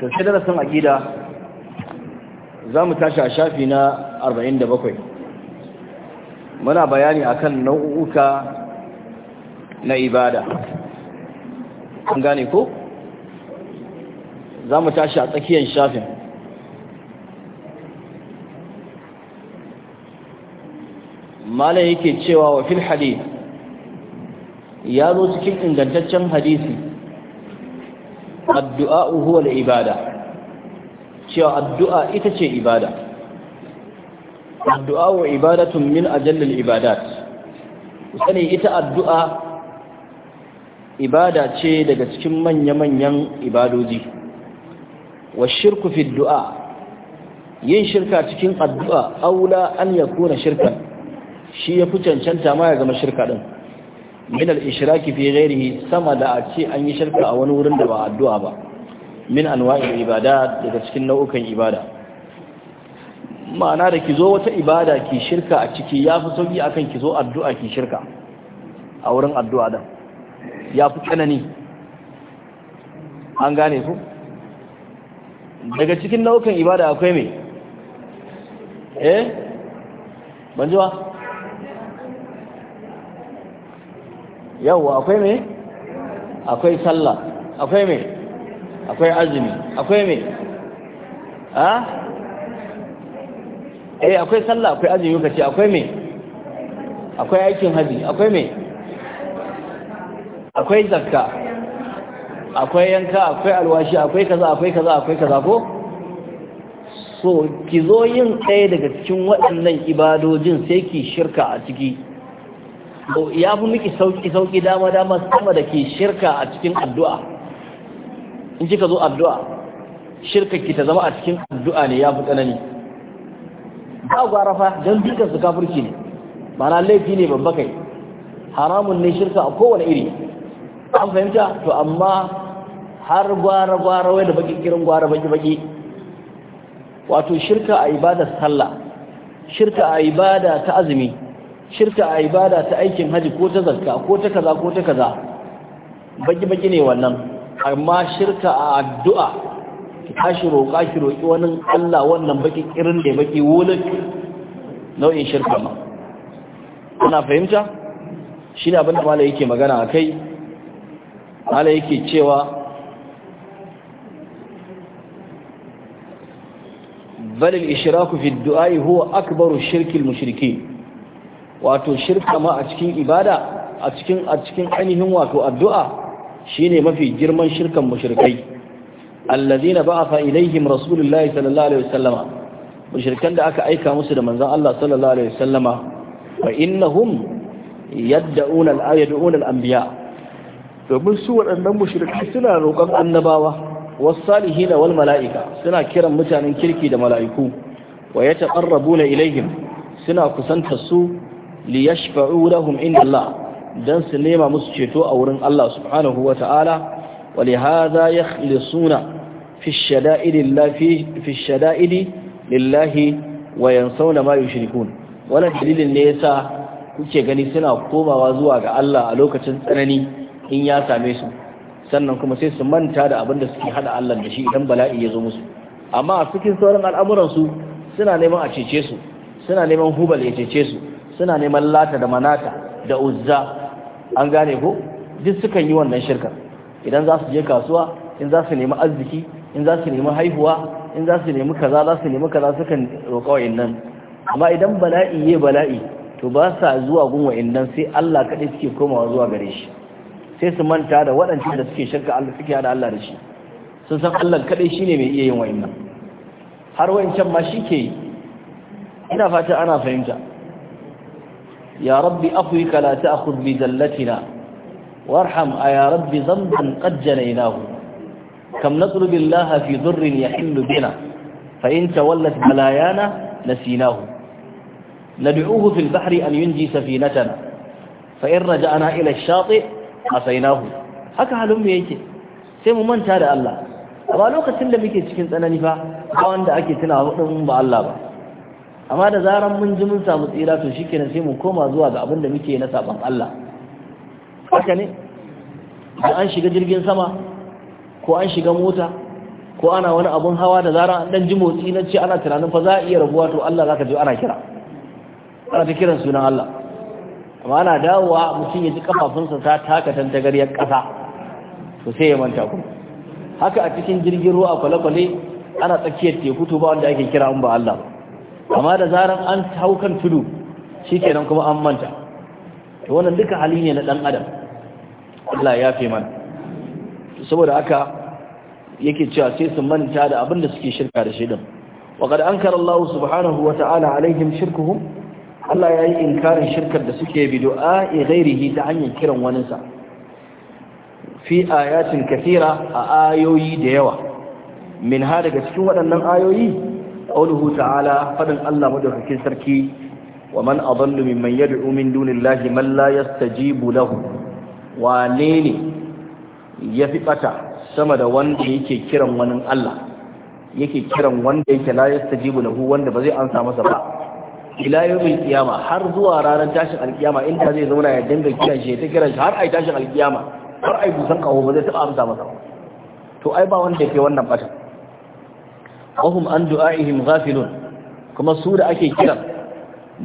to sai darasin aqida za mu tashi a shafi na 47 muna bayani akan nau'uka na ibada an gane ko za mu tashi a tsakiyar shafin malai yake cewa wa fil hadith ya zo cikin ingantaccen hadisi addu'a huwa ibada cewa addu'a ita ce ibada addu'a wa ibadatun min ajallil ibadat sani ita addu'a ibada ce daga cikin manya-manyan ibadoji wa shirku fi du'a yin shirka cikin addu'a aula an na shirka shi ya fi cancanta ma ya zama shirka ɗin min al-ishraki fi ghairihi sama da a ce an yi shirka a wani wurin da ba addu'a ba min anwa'il ibada daga cikin nau'ukan ibada ma'ana da ki zo wata ibada ki shirka a ciki ya fi sauki akan ki zo addu'a ki shirka a wurin addu'a dan ya fi tsanani an gane ku daga cikin nau'ukan ibada akwai me eh ban Yau akwai me akwai sallah akwai me akwai azumi akwai me a eh akwai sallah akwai azumi kace akwai me akwai aikin haji akwai me akwai zakka akwai yanka akwai alwashi akwai kaza akwai kaza akwai kaza ko so ki zo yin tsaye daga cikin waɗannan ibadojin sai ki shirka a ciki ya fi miki sauki sauki dama dama sama da ke shirka a cikin addu'a in kika zo addu'a shirka ki ta zama a cikin addu'a ne ya fi tsanani ba gwara fa don dukkan su kafirci ne mana laifi ne babba kai haramun ne shirka a kowane iri an fahimta to amma har gwara gwara wai da baki kirin gwara baki baki wato shirka a ibadar sallah shirka a ibada ta azumi shirka a ibada ta aikin haji ko ta zakka ko ta kaza ko ta kaza baki baki ne wannan amma shirka a addu'a ki tashi roƙa ki roƙi wani Allah wannan baki ƙirin da baki wulin nau'in shirka ma kuna fahimta Shi abin da mala yake magana a kai? mala yake cewa بل الإشراك في الدعاء huwa أكبر shirkin mushirki. wato shirka ma a cikin ibada a cikin a cikin ainihin wato addu'a shine mafi girman shirkan mushrikai allazina ba'atha ilaihim rasulullahi sallallahu alaihi wasallama mushrikan da aka aika musu da manzon Allah sallallahu alaihi wasallama fa innahum yad'una al-ayaduna al-anbiya domin su waɗannan mushrikai suna roƙon annabawa was-salihina wal mala'ika suna kiran mutanen kirki da mala'iku wa yataqarrabuna ilaihim suna kusanta su li yashfa'u lahum inda Allah dan su nema musu ceto a wurin Allah subhanahu wa ta'ala wa li hadha yakhlisuna fi shada'id lillahi fi shada'id lillahi wa yansawna ma yushrikun wannan dalilin ne yasa kuke gani suna komawa zuwa ga Allah a lokacin tsanani in ya same su sannan kuma sai su manta da abin da suke hada Allah da shi idan bala'i ya zo musu amma a cikin sauran al'amuransu suna neman a cece su suna neman hubal ya cece su suna neman lata da manata da uzza an gane ko duk sukan yi wannan shirka idan za su je kasuwa in za su nemi arziki in za su nemi haihuwa in za su nemi kaza za su nemi kaza sukan roƙa wa innan. amma idan bala'i ya bala'i to ba sa zuwa gun wa innan sai Allah kaɗai suke komawa zuwa gare shi sai su manta da waɗancan da suke shirka Allah suke hada Allah da shi sun san Allah kaɗai shine mai iya yin innan har wancan ma shi ke yi ina fata ana fahimta يا رب أفوك لا تأخذ بذلتنا وارحم يا رب ذنبا قد جنيناه كم نطلب الله في ضر يحل بنا فإن تولت بلايانا نسيناه ندعوه في البحر أن ينجي سفينتنا فإن رجعنا إلى الشاطئ عصيناه haka halin mu yake sai mu manta da Allah ba lokacin da muke cikin tsanani fa ba wanda ake tunawa din ba Allah ba amma da zaran mun ji mun samu tsira to shikenan sai mu koma zuwa ga abin muke na saban Allah haka ne ko an shiga jirgin sama ko an shiga mota ko ana wani abun hawa da zaran an dan ji motsi na ce ana tunanin fa za a iya rabuwa to Allah zaka ji ana kira ana ta kiran sunan Allah amma ana dawowa mutum ya ji kafafunsa ta taka tantagaryar kasa to sai ya manta kuma haka a cikin jirgin ruwa kwale-kwale ana tsakiyar teku to ba wanda ake kira an ba Allah ba amma da zaran an hau kan tudu shikenan kuma an manta to wannan duka hali ne na dan adam Allah ya fi man. saboda aka yake cewa sai su manta da abin da suke shirka da shi din wa qad ankara Allah subhanahu wa ta'ala alaihim shirkuhum Allah ya yi inkarin shirkar da suke bi du'a'i ghairihi ta hanyar kiran waninsa fi ayatin kathira a ayoyi da yawa min ha daga cikin waɗannan ayoyi قوله تعالى فدن الله مدوكين سركي ومن أضل ممن يدعو من دون الله من لا يستجيب له وانيني يفقتا sama da wanda yake kiran wani Allah yake kiran wanda yake la yastajibu lahu wanda ba zai amsa masa ba ila yawmil qiyama har zuwa ranar tashin alkiyama inda zai zauna ya dinga kiran shi ta kiran shi har ai tashin alkiyama har ai busan kawo ba zai taba amsa masa ba? to ai ba wanda yake wannan fata wahum an du'a'ihim ghafilun kuma su da ake kiran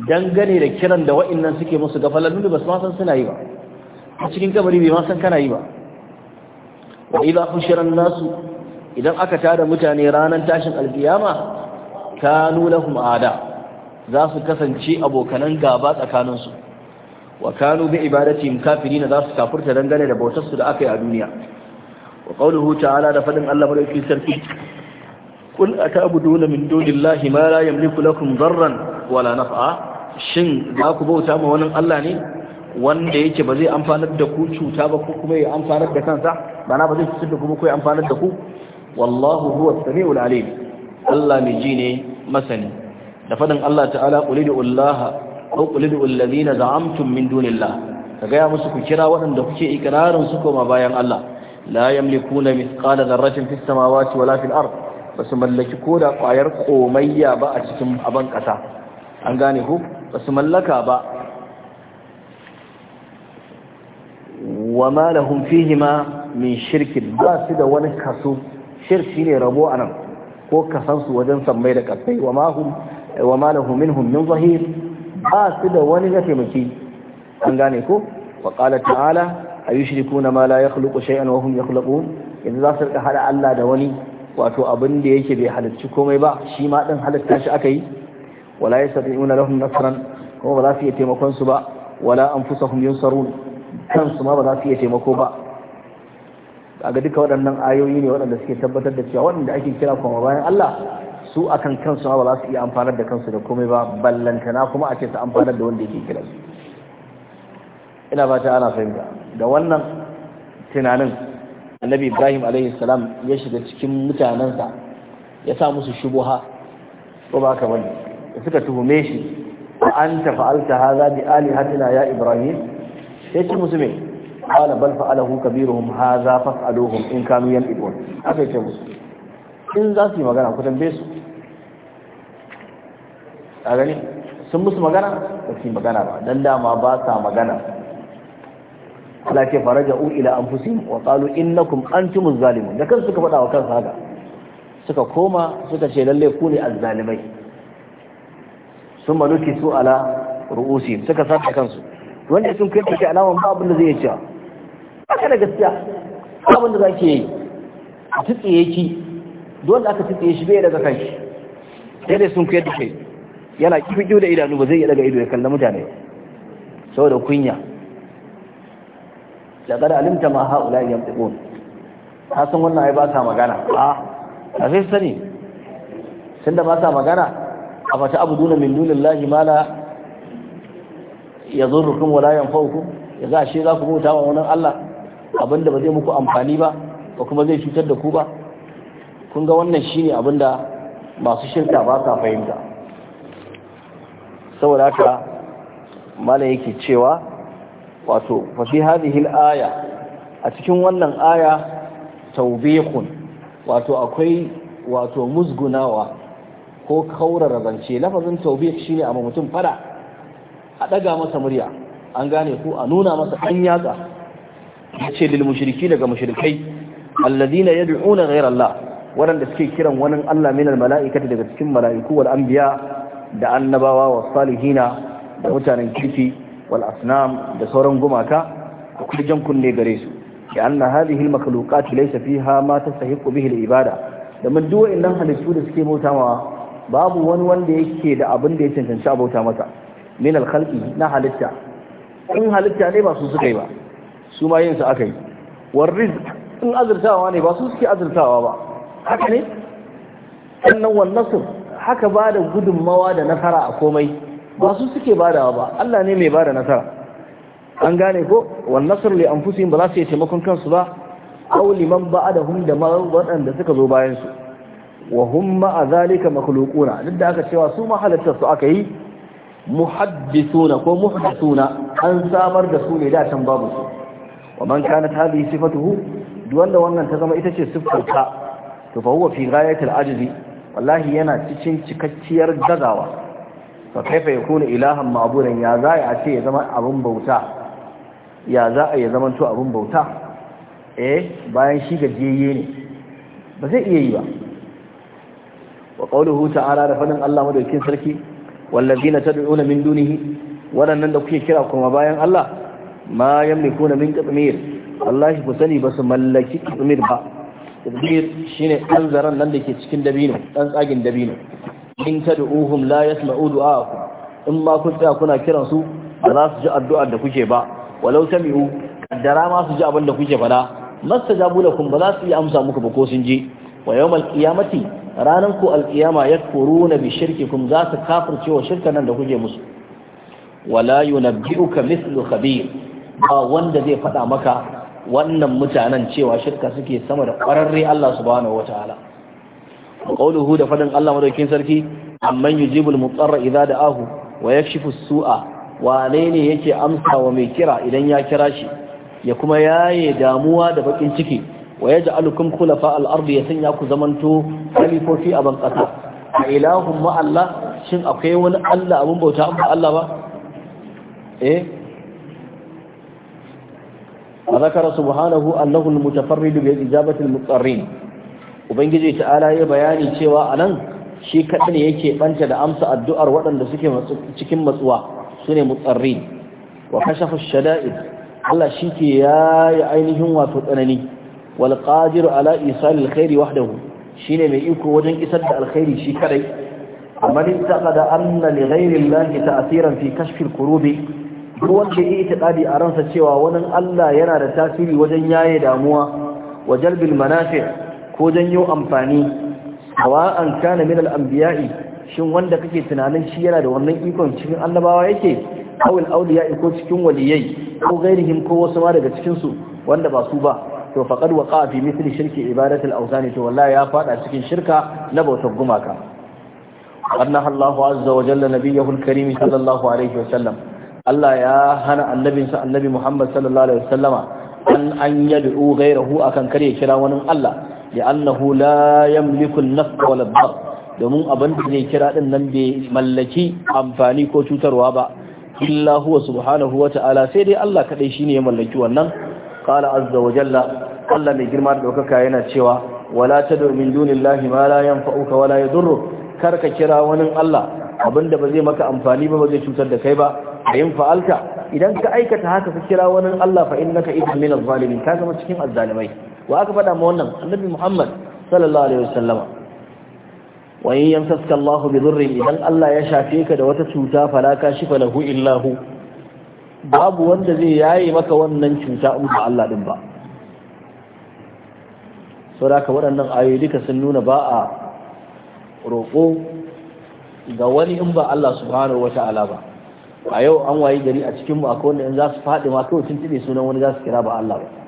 dangane da kiran da wa'annan suke musu gafalan da su ma san suna yi ba a cikin kabari bai ma san kana yi ba wa idza hushira nasu idan aka tada mutane ranar tashin alkiyama kanu lahum ada za su kasance abokanan gaba tsakaninsu wa kanu bi ibadatihim kafirin za su kafurta dangane da bautarsu da aka yi a duniya wa qawluhu ta'ala da fadin Allah madaukakin sarki kul atabuduna min dunillahi ma la yamliku lakum darran wala naf'a shin za ku bauta ma wani Allah ne wanda yake ba zai amfanar da ku cuta ba ko kuma ya amfanar da kansa ba na ba zai cutar da ku ko ya amfanar da ku wallahu huwa as-sami'ul alim Allah mai ji ne masani da fadin Allah ta'ala qulidu allaha aw qulidu alladhina za'amtum min dunillah kaga ya musu ku kira waɗanda kuke ikrarin su koma bayan Allah la yamlikuna mithqala dharratin fis samawati wala fil ardh ba su mallaki ko da kwayar komayya ba a cikin aban kasa, an gane ku ba su mallaka ba wa ma lahum fihima min shirkin ba su da wani kaso shirki ne rabo anan ko kasansu wajen sammai da kasai wa ma hum wa ma lahum minhum min zahir ba su da wani na taimaki an gane ko wa qala ta'ala ayushrikuna ma la yakhluqu shay'an wa hum yakhluqun yanzu za su rika hada Allah da wani wato abin da yake bai halarci komai ba shi ma ɗin halarta shi aka yi wala yastati'una lahum nasran kuma ba za su iya taimakon su ba wala an saru kan kansu ma ba za su iya taimako ba ga duka waɗannan ayoyi ne waɗanda suke tabbatar da cewa waɗanda ake kira kuma bayan Allah su akan kansu ma ba za su iya amfanar da kansu da komai ba ballantana kuma a ce su amfanar da wanda yake kira su ina ba ta ana fahimta da wannan tunanin annabi ibrahim alaihi salam ya shiga cikin mutanensa ya sa musu shubuha ko ba ka bane suka tuhume shi wa anta fa'alta hadha bi alihatina ya ibrahim sai ce musu me qala bal fa'alahu kabiruhum hadha fas'aluhum in kanu yanibun aka ce musu in za su yi magana ku tambaye su a gani sun musu magana ba su yi magana ba dan dama ba sa magana Allah ce faraja'u ila anfusihim wa qalu innakum antumuz zalimun da kansu suka faɗa wa kansu haka suka koma suka ce lalle ku ne azzalimai sun maluki su ala ru'usi suka saka kansu wanda sun kai take alaman ba abin da zai ci haka da gaskiya abin da zake yi a yake ki da aka tsitsiye shi bai daga kanshi sai dai sun kai take yana kifi da idanu ba zai yi daga ido ya kalla mutane saboda kunya laqad alimta ma haula yantiqun ka san wannan ai ba sa magana a a sai sani tunda ba sa magana a fata abu abuduna min dunillahi ma la yadurrukum wala yanfa'ukum yanzu ashe za ku bauta wa wani Allah abinda ba zai muku amfani ba ba kuma zai cutar da ku ba kun ga wannan shine abinda masu shirka ba sa fahimta saboda haka malam yake cewa wato fa fi aya a cikin wannan aya taubekun wato akwai wato musgunawa ko kaurara zance lafazin taubek shine amma mutum fada a daga masa murya an gane ku a nuna masa an yatsa ce lil mushriki daga mushrikai alladhina yad'una ghayra Allah waɗanda suke kiran wani Allah min al mala'ikati daga cikin mala'iku wal anbiya da annabawa was salihina da mutanen kirki wal asnam da sauran gumaka akwai jan kunne gare su ya anna hadhihi al makhluqat laysa fiha ma tastahiqu bihi al ibada da mun duk wa'annan halittu da suke bautawa babu wani wanda yake da abin da ya cancanci a mata. min al khalqi na halitta in halitta ne ba su suka yi ba su ma yin su aka yi war rizq in azurtawa ne ba su suke azurtawa ba haka ne sannan wan nasr haka ba da gudunmawa da nasara a komai ba su suke badawa ba Allah ne mai bada nasara an gane ko wan an li anfusihim ba za su yi taimakon kansu ba aw liman a da ma waɗanda suka zo bayan su wa hum ma'a zalika makhluquna duk da aka cewa su ma halittar su aka yi muhaddithuna ko muhdathuna an samar da su ne da tan babu su wa man kanat hadhihi sifatuhu duk wanda wannan ta zama ita ce siffarka to fa huwa fi ghayatil ajzi wallahi yana cikin cikakkiyar gazawa fa kaifa yakunu ilahan ma'budan ya za a ce ya zama abin bauta ya za a ya zama to abin bauta eh bayan shi gajiyayye ne ba zai iya yi ba wa qawluhu ta'ala da fadin Allah madaukakin sarki wallazina tad'una min dunihi waɗannan da kuke kira kuma bayan Allah ma yamlikuna min qatmir Allah ku sani ba su mallaki qatmir ba qatmir shine ɗan zaren nan da ke cikin dabino ɗan tsagin dabino in tad'uhum la yasma'u du'aakum in ma kun tsaya kuna kiran su ba za su ji addu'ar da kuke ba walau sami'u kaddara ma su ji abin da kuke fada mastajabu lakum ba za su yi amsa muku ba ko sun ji wa yawmal qiyamati ranan ku alqiyama yakfuruna bi shirkikum za su kafirce wa shirkan nan da kuke musu wala yunabbi'uka mithlu khabir ba wanda zai fada maka wannan mutanen cewa shirka suke sama da kwararre Allah subhanahu wataala qawluhu da faɗin Allah madaukin sarki amman yujibul mutarra da ahu. wa yakshifu su'a wane ne yake amsa wa mai kira idan ya kira shi ya kuma yaye damuwa da bakin ciki wa yaj'alukum khulafa al-ardi ya sanya ku zamanto khalifofi a ban kasa a ilahum ma Allah shin akwai wani Allah bauta Allah ذكر سبحانه أنه المتفرد بإجابة المضطرين ubangiji ta'ala ya bayani cewa anan shi kaɗai ne yake banta da amsa addu'ar waɗanda suke cikin matsuwa sune mutsarri wa kashafa shada'id Allah shi ke yayi ainihin wato tsanani wal qadiru ala isal alkhairi wahdahu shine mai iko wajen isar da alkhairi shi kadai amma din taqada anna li ghairi allahi ta'siran fi kashfi alqurubi duk wanda yake itikadi a ransa cewa wani Allah yana da tasiri wajen yaye damuwa wa jalbil manafi' ko janyo amfani hawa an kana min al-anbiya'i shin wanda kake tunanin shi yana da wannan ikon cikin annabawa yake awil awliya ko cikin waliyai ko gairihim ko wasu ma daga cikin su wanda ba su ba to faqad waqa fi mithli shirki ibadatul Ausani to wallahi ya fada cikin shirka na bautar gumaka annahu Allahu azza wa jalla nabiyahu al-karim sallallahu alaihi wa sallam Allah ya hana annabinsa annabi Muhammad sallallahu alaihi wa sallama an an yad'u ghayrahu akan kare kira wani Allah li'annahu la yamliku an-nafs wal domin abin da zai kira din nan bai mallaki amfani ko cutarwa ba illa huwa subhanahu wa ta'ala sai dai Allah kadai shine ya mallaki wannan qala azza wa jalla Allah mai girma da daukaka yana cewa wala tad'u min dunillahi ma la yanfa'uka wala yadurruk karka kira wani Allah abinda ba zai maka amfani ba ba zai cutar da kai ba ayin fa'alta idan ka aikata haka ka kira wani Allah fa innaka idan min az-zalimin ka zama cikin az wa aka faɗa ma wannan annabi muhammad sallallahu alaihi wasallama wa in yamsaka allah bi dhurrin idan allah ya shafe ka da wata cuta fala kashifa lahu illa hu babu wanda zai yaye maka wannan cuta in ba allah din ba saboda waɗannan ayoyi duka sun nuna ba a roƙo ga wani in ba Allah subhanahu wa ta'ala ba a yau an wayi gari a cikin mu akwai wanda in za su faɗi ma kawai sun sunan wani za su kira ba Allah ba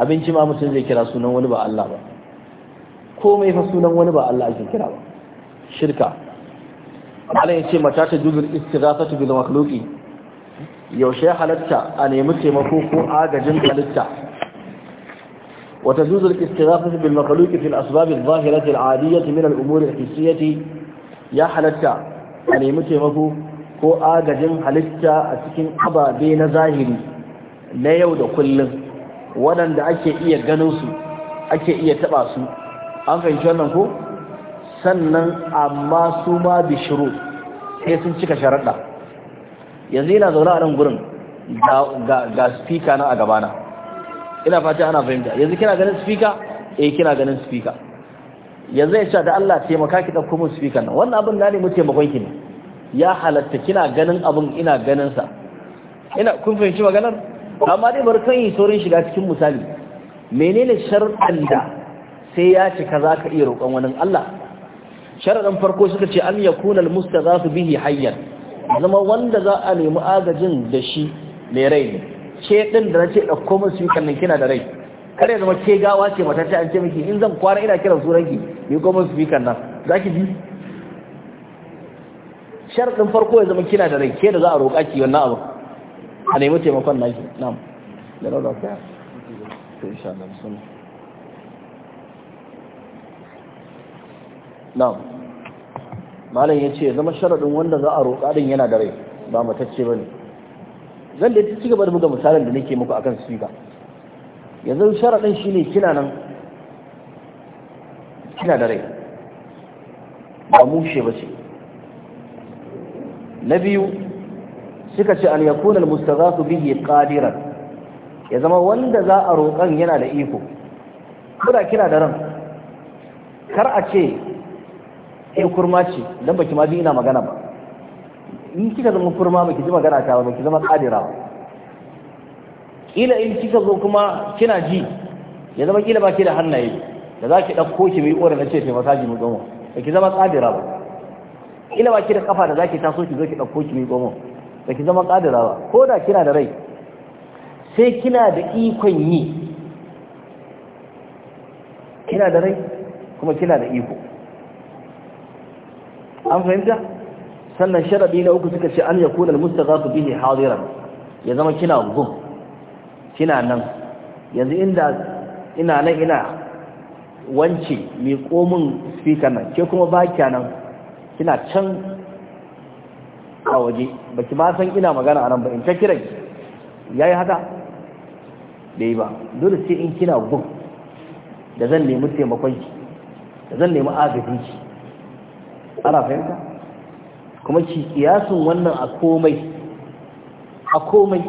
abinci ma mutum zai kira sunan wani ba Allah ba komai fa sunan wani ba Allah ake kira ba shirka Allah ya ce mata ta juzur istighafatu bil makhluqi yaushe halatta a nemi taimako ko agajin halitta وتجوز الاستغاثة بالمخلوق في الأسباب الظاهرة العادية من الأمور ya halatta a nemi taimako ko agajin halitta a cikin ababe na zahiri na yau da kullum waɗanda ake iya ganin su ake iya taɓa su an fahimci wannan ko sannan amma su ma shiru sai sun cika sharaɗa yanzu yana zaune a nan gurin ga spika na a gabana ina fata ana fahimta yanzu kina ganin spika eh kina ganin spika yanzu ya sha da Allah taimaka ki ɗauko mun spika nan wannan abin na mu taimakon ki ne ya halatta kina ganin abin ina ganin sa ina kun fahimci maganar amma dai bari kan yi saurin shiga cikin misali menene sharɗan da sai ya cika za ka iya roƙon wani Allah sharaɗin farko suka ce an ya kuna musta za su bihi hanyar zama wanda za a nemi agajin da shi mai rai ne ce ɗin da na ce ɗauko min su yi kannan kina da rai kare zama ke gawa ce mata ce an ce miki in zan kwana ina kiran su ranki yi goma su yi kannan za ki bi sharaɗin farko ya zama kina da rai ke da za a roƙa ki wannan abu a nemi taimakon naki na'am da rauda ka to insha Allah bismillah na'am malam yace zama sharadin wanda za a roƙa din yana da rai ba matacce bane zan da ci gaba da buga misalin da nake muku akan speaker yanzu sharadin shine kina nan kina da rai ba mushe ba ce na biyu suka ce an za su bihi qadiran ya zama wanda za a roƙan yana da iko Kuda kina da ran kar a ce eh kurma ce dan baki ma ji ina magana ba in kika zama kurma baki ji magana ta ba baki zama qadira ba in kika zo kuma kina ji ya zama kila ba ki da hannaye da za ki ɗauko ki mai ƙora na ce taimaka masaji mu goma baki ki zama tsadira ba Ƙila ba ki da kafa da za ki taso ki zo ki ɗauko ki mai goma da ki zama kadira ba ko da kina da rai sai kina da ikon yi kina da rai kuma kina da iko an fahimta sannan sharadi na uku suka ce an za su bihe hadiran ya zama kina gum kina nan yanzu inda ina nan ina wance mai komin speaker nan ke kuma ba kya nan kina can a waje ba ki ma san ina magana a nan ba in ta kiran yayi haka bai ba dole sai in kina gun da zan nemi taimakon ki da zan nemi agajin ki ana fahimta kuma ki kiyasin wannan a komai a komai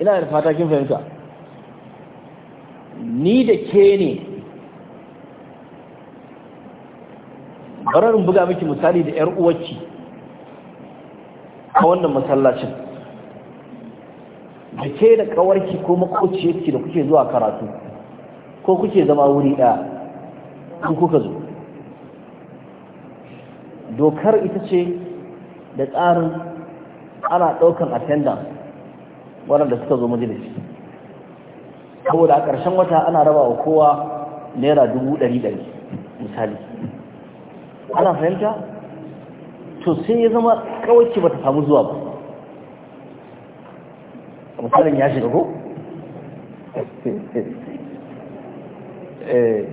ina da fata kin fahimta ni da ke ne bararin buga miki misali da 'yar uwarki a wannan masallacin da ke da kawarki ko makociyarki da kuke zuwa karatu ko kuke zama wuri ɗaya ko kuka zo dokar ita ce da tsarin ana ɗaukan attendance waɗanda suka zo majalis saboda a ƙarshen wata ana raba wa kowa naira dubu ɗari ɗari misali ana fahimta to sai ya zama kawai ba ta samu zuwa ba misalin ya shiga ko? Eh,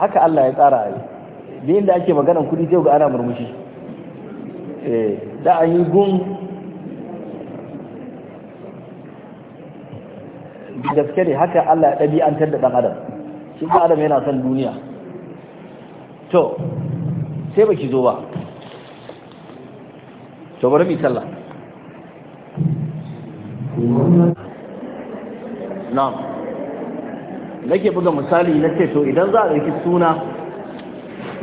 haka Allah ya tsara yi da yadda ake maganan kudi zai ga ana murmushi eh, da an yi gun gaske ne haka Allah ya ɗabi'antar da ɗan adam shi ba adam yana son duniya to sai ba ki zo ba to bari mu sallah na'am nake buga misali na ce to idan za a ɗauki suna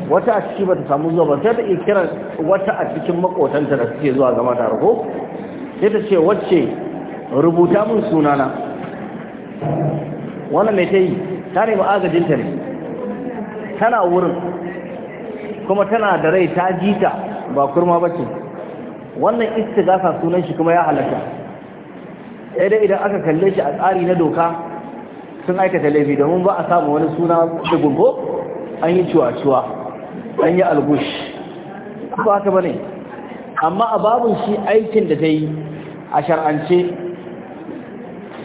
wata a ciki bata samu zuwa ba sai ta iya kiran wata a cikin makotanta da suke zuwa zama tare ko sai ta ce wacce rubuta mun na wannan mai ta yi ta nemi agajinta ne tana wurin kuma tana da rai ta jita ba kurma ba wannan istighatha sunan shi kuma ya halatta ya dai idan aka kalle shi a tsari na doka sun aikata laifi domin ba a samu wani suna da ko an yi ciwa an yi algush ba haka ba ne amma a babun shi aikin da ta yi a shar'ance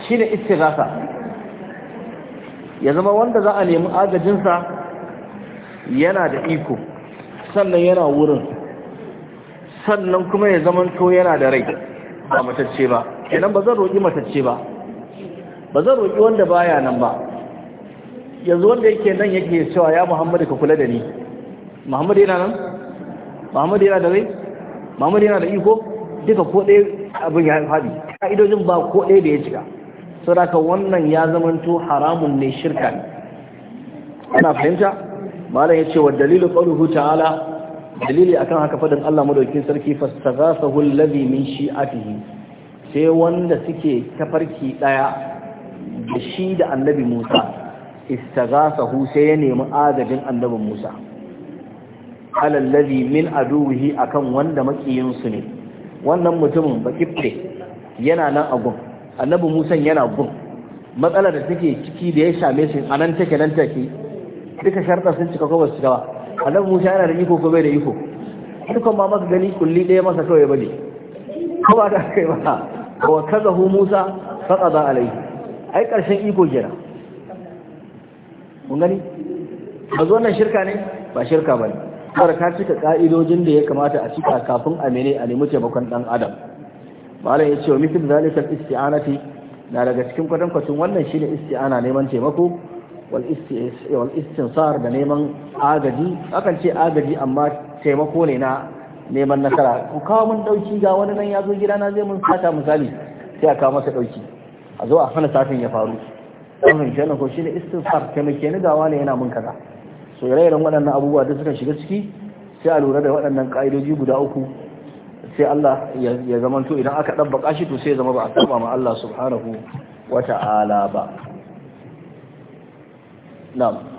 shi ne istighatha ya zama wanda za a nemi agajinsa yana da iko sannan yana wurin sannan kuma ya to yana da rai ba matacce ba kenan ba zan roƙi matacce ba ba zan roƙi wanda baya nan ba yanzu wanda yake nan yake cewa ya muhammadu ka kula da ni muhammadu yana nan muhammadu yana da rai muhammadu yana da iko duka ko ɗaya abin ya faɗi ka'idojin ba ko ɗaya da ya cika saboda wannan ya to haramun ne shirka ne ana fahimta malam ya ce wa dalilin ƙwaruhu ta'ala dalili akan haka fadin Allah madaukakin sarki fastaghasahu allazi min shi'atihi sai wanda suke tafarki daya da shi da annabi Musa istaghasahu sai ya nemi adabin annabi Musa ala allazi min aduwihi akan wanda makiyin su ne wannan mutumin bakifte yana nan a gun annabi Musa yana gun matsalar da take ciki da ya same shi anan take nan take duka sharta sun cika ko ba su cika ba annabi Musa yana da iko ko bai da iko dukan ba masa gani kulli ɗaya masa kawai bane ko ba ta kai ba wa kazahu Musa faqada alai ai karshen iko kenan mun gani ba zo wannan shirka ne ba shirka bane har ka cika ka'idojin da ya kamata a cika kafin a mene a nemi taimakon dan adam malam ya ce wa mithl zalika isti'anati na daga cikin kwatankwacin wannan shine isti'ana neman taimako والاستنصار da neman agaji akan ce agaji amma taimako ne na neman nasara ku kawo mun dauki ga wani nan ya zo gida na zai mun sata misali sai a masa dauki a zo a hana safin ya faru ɗaurin kenan ko shine istinsar taimake ni gawa ne yana mun kaza so irin waɗannan abubuwa da suka shiga ciki sai a lura da waɗannan ka'idoji guda uku sai Allah ya zamanto idan aka ɗabbaka shi to sai ya zama ba a taba ma Allah subhanahu wata'ala ba No.